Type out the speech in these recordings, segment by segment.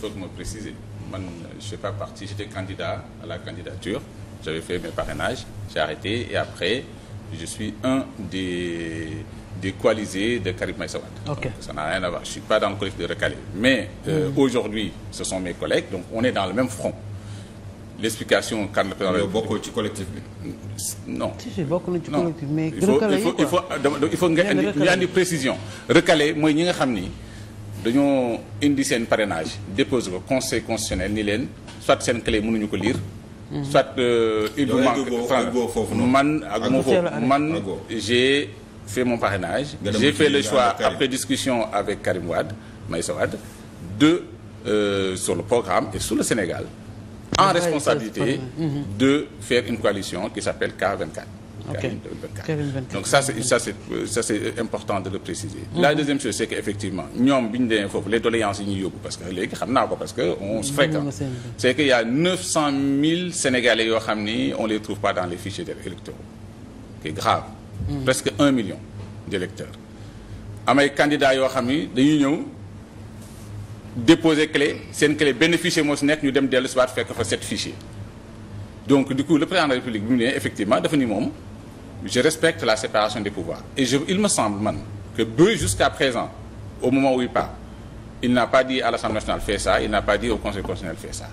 faut que ma préciser man je suis pas parti j'étais candidat à la candidature j'avais fait mes parrainages j'ai arrêté et après je suis un des des de Karim Meïssa Wade. Okay. n'a rien à je suis pas dans le collectif de recalés mais euh, mmh. aujourd'hui ce sont mes collègues donc on est dans le même front l'explication kan la président ci collectif bi. non bokk na ci collectif mais. il faut il faut il faut nga indi ñi nga xam ni. dañoo indi seen parrainage déposé ko conseil constitutionnel ni leen soit seen clé mënuñu ko lire. soit euh, il vous manque man ak moo foofu man j'ai fait mon parrainage j'ai fait le choix après discussion avec Karim Wade Maïssa Wade de euh, sur le programme et sur le Sénégal en responsabilité mhm. de faire une coalition qui s'appelle k Karim 2024 donc ça c'est ça c'est ça c'est important de le préciser mm-hmm. la deuxième chose c'est que effectivement ñoom bi ñu demee foofu les doléances yi ñuy yóbbu parce que léegi xam naa ko parce que on fréquente c'est que y a yoo xam ni on les trouve pas dans les fichiers électoraux c'est grave mm. presque un million d'électeurs am ay candidats yoo xam ni dañuy ñëw déposer clé seen clé benn fichier moo si nekk ñu dem dellu si fekk fa sept fichiers donc du coup le président de effectivement dafa ni moom je respecte la séparation des pouvoirs et je il me semble man que ba jusqu'à présent au moment où il parle il n'a pas dit à l'Assemblée nationale fais ça il n'a pas dit au Conseil constitutionnel fais ça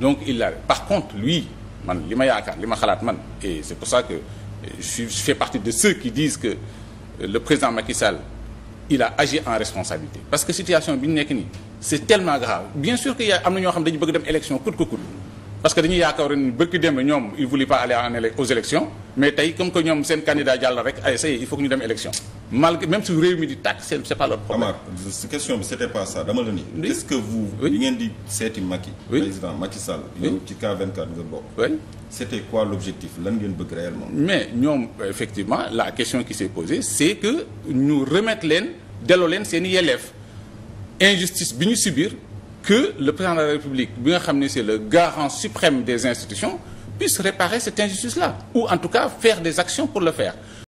donc il l'a par contre lui man li ma yaakaar li ma xalaat man et c'est pour ça que je fais partie de ceux qui disent que euh, le président Macky Sall il a agi en responsabilité parce que situation bi ñu nekk nii c'est tellement grave bien sûr que yaa am na ñoo xam dañu bëgg dem élection coûte que coûte parce que dañuy yaakaar ni bëgg dem ñoom ils voulaient pas aller en aux élections mais tey comme que ñoom seen candidat jàll rek ay ça y est il faut que ñu dem élection malgré même si réew mi di tàkk c'est c'est pas leur problème. Amar question bi c'était pas ça dama que vous. K24 nga bokk. c'était quoi l'objectif la leen delloo leen seen i yelleef injustice bi ñu subir le président bi nga xam ne c'est le garant suprême des institutions. puisse réparer cette injustice-là, ou en tout cas faire des actions pour le faire.